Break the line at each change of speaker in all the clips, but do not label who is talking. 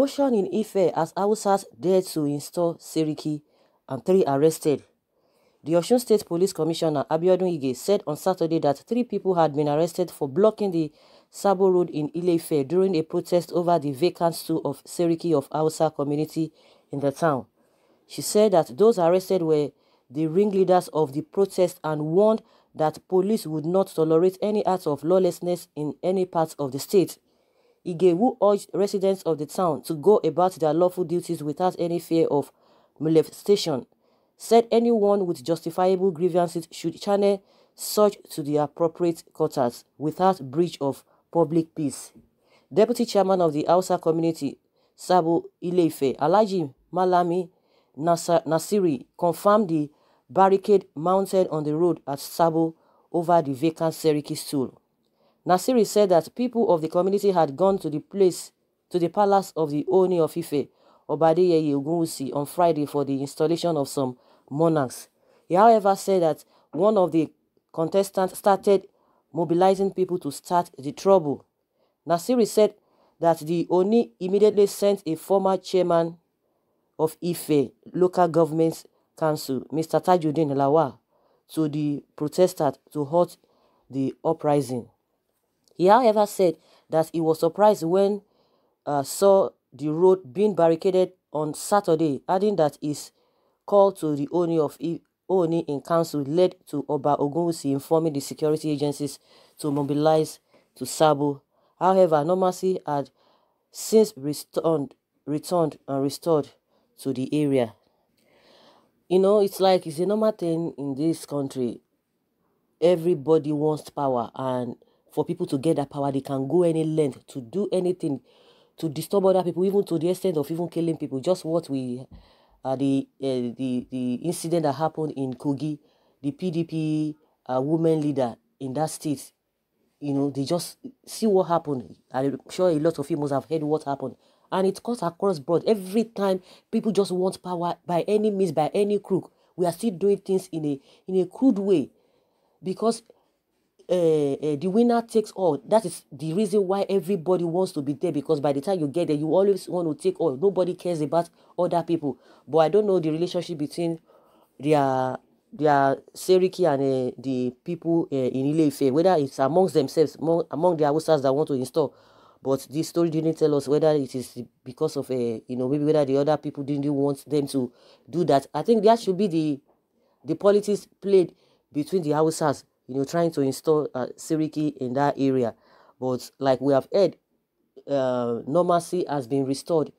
Commotion in Ife as Hausas dared to install Seriki and three arrested. The Osun State Police Commissioner Abiodun Ige said on Saturday that three people had been arrested for blocking the Sabo Road in Ileife during a protest over the vacant stool of Seriki of Hausa community in the town. She said that those arrested were the ringleaders of the protest and warned that police would not tolerate any acts of lawlessness in any part of the state. Igewu urged residents of the town to go about their lawful duties without any fear of molestation, said anyone with justifiable grievances should channel such to the appropriate quarters without breach of public peace. Deputy Chairman of the Hausa Community, Sabo Ileife, Alaji Malami Nasiri, confirmed the barricade mounted on the road at Sabo over the vacant Seriki stool. Nasiri said that people of the community had gone to the place to the palace of the Oni of Ife, Obadeyeye Ogunwusi, on Friday for the installation of some monarchs. He however said that one of the contestants started mobilizing people to start the trouble. Nasiri said that the Oni immediately sent a former chairman of Ife local government council, Mr. Tajudin Lawa, to the protesters to halt the uprising. He, however, said that he was surprised when uh, saw the road being barricaded on Saturday, adding that his call to the owner of e Oni in council led to Oba Ogunwusi informing the security agencies to mobilize to Sabo. However, normalcy had since returned, returned and restored to the area. You know, it's like it's a normal thing in this country. Everybody wants power and for people to get that power. They can go any length to do anything to disturb other people, even to the extent of even killing people. Just what we, uh, the uh, the the incident that happened in Kogi, the PDP uh, woman leader in that state, you know, they just see what happened. I'm sure a lot of you must have heard what happened. And it cuts across broad. Every time people just want power by any means, by any crook, we are still doing things in a in a crude way, because uh, uh, the winner takes all. That is the reason why everybody wants to be there because by the time you get there, you always want to take all. Nobody cares about other people. But I don't know the relationship between their their Seriki and uh, the people uh, in Ileife, whether it's amongst themselves, among, among the Awusas that want to install. But this story didn't tell us whether it is because of, uh, you know, maybe whether the other people didn't want them to do that. I think that should be the the politics played between the Hausas you know, trying to install uh, in that area. But like we have heard, uh, normalcy has been restored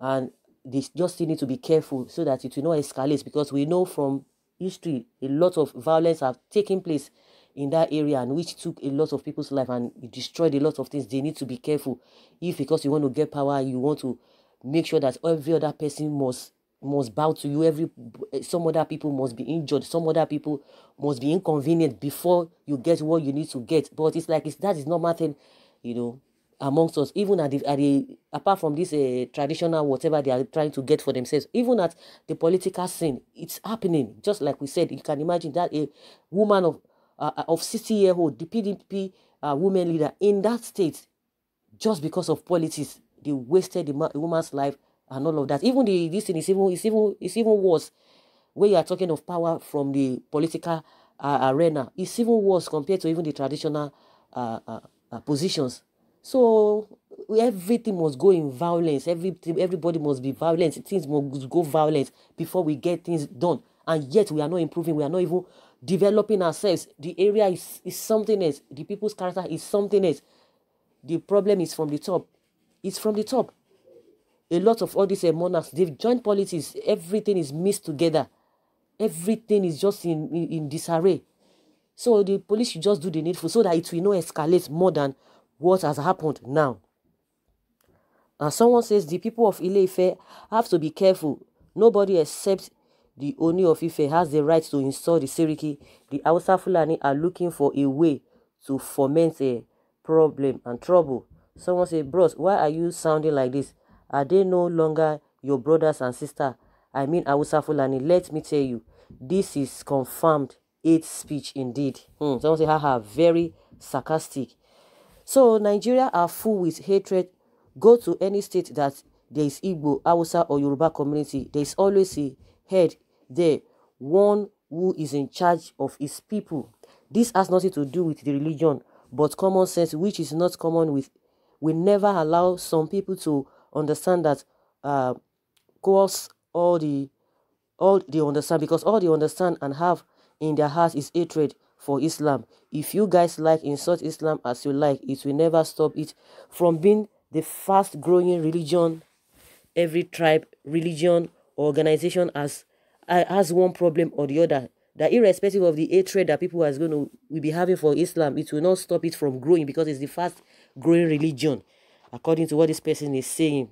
and they just need to be careful so that it will not escalate because we know from history a lot of violence have taken place in that area and which took a lot of people's life and destroyed a lot of things they need to be careful if because you want to get power you want to make sure that every other person must must bow to you every eh, some other people must be injured some other people must be inconvenient before you get what you need to get but it's like it's that is normal thing you know amongst us even at the, at the apart from this uh, traditional whatever they are trying to get for themselves even at the political scene it's happening just like we said you can imagine that a woman of uh, uh of 60 year old the pdp uh, woman leader in that state just because of politics they wasted the, woman's life and all of that. Even the this thing is even is even is even worse. Where you are talking of power from the political uh, arena, it's even worse compared to even the traditional uh, uh, uh, positions. So everything must go in violence. Everything, everybody must be violent. Things must go violent before we get things done. And yet we are not improving. We are not even developing ourselves. The area is, is something else. The people's character is something else. The problem is from the top. It's from the top a lot of all these uh, monarchs they've joined politics everything is mixed together everything is just in, in, in disarray so the police should just do the needful so that it will not escalate more than what has happened now and someone says the people of Ile-Ife have to be careful nobody except the owner of Ife has the right to install the Seriki the Hausa Fulani are looking for a way to foment a eh, problem and trouble someone say bros why are you sounding like this are they no longer your brothers and sister? I mean Hausa Fulani. Let me tell you, this is confirmed hate speech indeed. Hmm. Someone say, haha, very sarcastic. So Nigeria are full with hatred. Go to any state that there is Igbo, Hausa or Yoruba community. There is always a head there, one who is in charge of his people. This has nothing to do with the religion, but common sense, which is not common with, We never allow some people to understand that uh, all the all they understand because all they understand and have in their hearts is hatred for Islam. If you guys like insult Islam as you like, it will never stop it from being the fast growing religion. Every tribe, religion, organization has has one problem or the other. That irrespective of the hatred that people are going to will be having for Islam, it will not stop it from growing because it's the fast growing religion according to what this person is saying,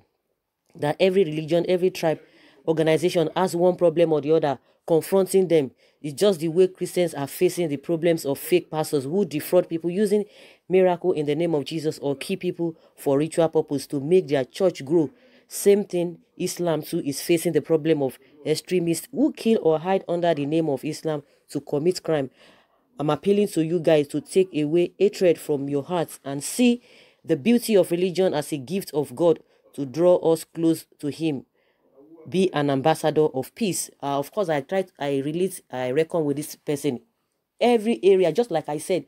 that every religion, every tribe, organization has one problem or the other confronting them. It's just the way Christians are facing the problems of fake pastors who defraud people using miracle in the name of Jesus or key people for ritual purpose to make their church grow. Same thing, Islam too is facing the problem of extremists who kill or hide under the name of Islam to commit crime. I'm appealing to you guys to take away hatred from your hearts and see the beauty of religion as a gift of God to draw us close to Him. Be an ambassador of peace. Uh, of course, I try. I relate, I reckon with this person. Every area, just like I said,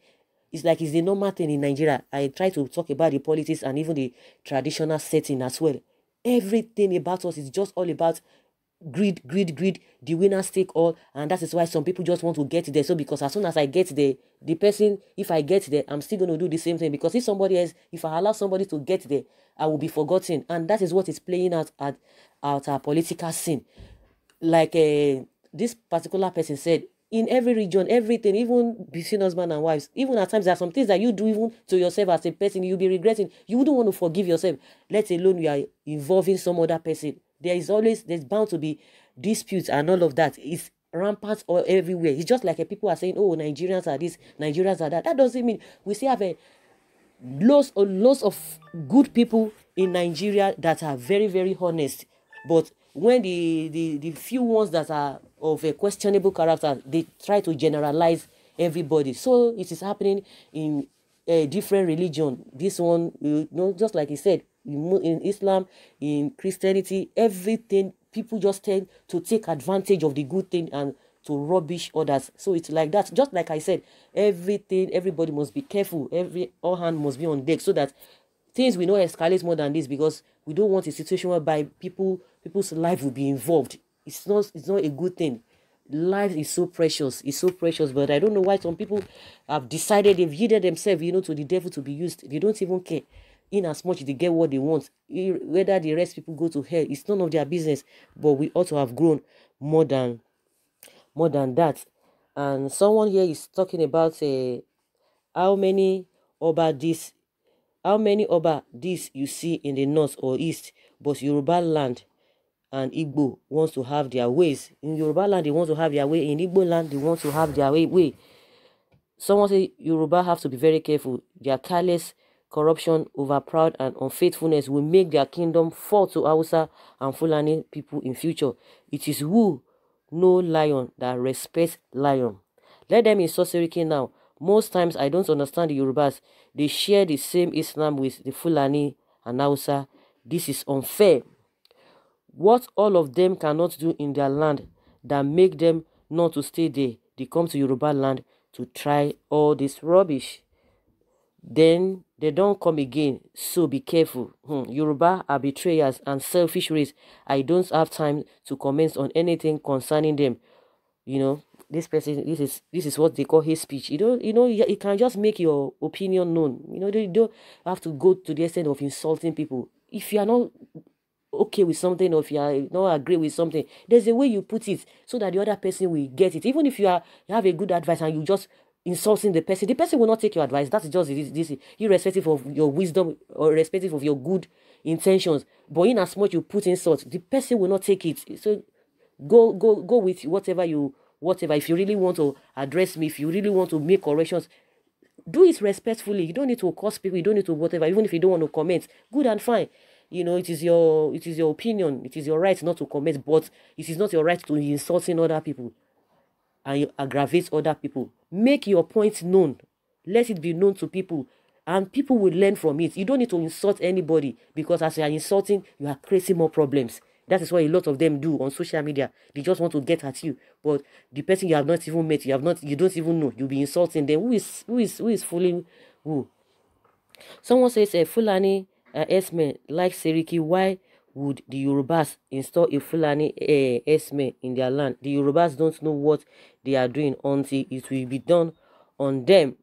it's like it's the normal thing in Nigeria. I try to talk about the politics and even the traditional setting as well. Everything about us is just all about greed, greed, greed, the winners take all, and that is why some people just want to get there. So because as soon as I get there, the person, if I get there, I'm still gonna do the same thing. Because if somebody else, if I allow somebody to get there, I will be forgotten, and that is what is playing out at our political scene. Like uh, this particular person said, in every region, everything, even between husband and wives, even at times there are some things that you do even to yourself as a person, you'll be regretting. You wouldn't want to forgive yourself, let alone you are involving some other person there is always, there's bound to be disputes and all of that. It's rampant all everywhere. It's just like eh, people are saying, oh, Nigerians are this, Nigerians are that. That doesn't mean we still have eh, a lots or lots of good people in Nigeria that are very, very honest. But when the, the, the few ones that are of a questionable character, they try to generalize everybody. So it is happening in a eh, different religion. This one, you know, just like he said, in, Islam, in Christianity, everything, people just tend to take advantage of the good thing and to rubbish others. So it's like that. Just like I said, everything, everybody must be careful. Every all hand must be on deck so that things will not escalate more than this because we don't want a situation whereby people people's life will be involved. It's not it's not a good thing. Life is so precious, it's so precious, but I don't know why some people have decided they've yielded themselves, you know, to the devil to be used. They don't even care in as much they get what they want whether the rest people go to hell it's none of their business but we ought to have grown more than more than that and someone here is talking about uh, how many oba this how many oba this you see in the north or east but yoruba land and igbo wants to have their ways in yoruba land they want to have their way in igbo land they want to have their way, way. someone say yoruba have to be very careful they are careless corruption, overproud and unfaithfulness will make their kingdom fall to Hausa and Fulani people in future. It is who, no lion, that respects lion. Let them in Sosiriki now. Most times I don't understand the Yorubas. They share the same Islam with the Fulani and Hausa. This is unfair. What all of them cannot do in their land that make them not to stay there, they come to Yoruba land to try all this rubbish then they don't come again. So be careful. Hmm. Yoruba are betrayers and selfish race. I don't have time to comment on anything concerning them. You know, this person, this is this is what they call hate speech. You know, you know, you can just make your opinion known. You know, they don't have to go to the extent of insulting people. If you are not okay with something or if you are not agree with something, there's a way you put it so that the other person will get it. Even if you are you have a good advice and you just insulting the person, the person will not take your advice. That's just this, this irrespective of your wisdom or irrespective of your good intentions. But in as much you put insult, the person will not take it. So go go go with whatever you whatever. If you really want to address me, if you really want to make corrections, do it respectfully. You don't need to cause people. You don't need to whatever. Even if you don't want to comment, good and fine. You know, it is your it is your opinion. It is your right not to comment, but it is not your right to insulting other people and aggravates other people. Make your point known. Let it be known to people and people will learn from it. You don't need to insult anybody because as you are insulting, you are creating more problems. That is what a lot of them do on social media. They just want to get at you, but the person you have not even met, you have not, you don't even know. You'll be insulting them. Who is who is who is fooling who? Someone says a uh, eh, Fulani uh, eh, S-men like Seriki. Why would the Yorubas install a Fulani uh, in their land? The Yorubas don't know what they are doing until it will be done on them.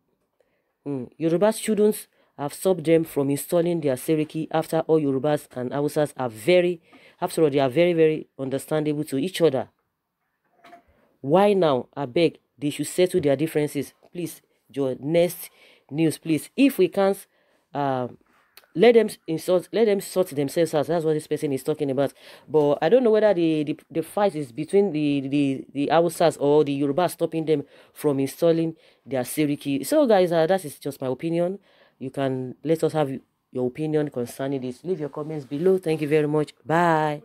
Mm. Yorubas shouldn't have stopped them from installing their Seriki after all Yorubas and Hausas are very, after all, they are very, very understandable to each other. Why now? I beg, they should settle their differences. Please, your next news, please. If we can't um, let them insult let them sort themselves out that's what this person is talking about but i don't know whether the the, the fight is between the the the Hausas or the yoruba stopping them from installing their key so guys uh, that is just my opinion you can let us have your opinion concerning this leave your comments below thank you very much bye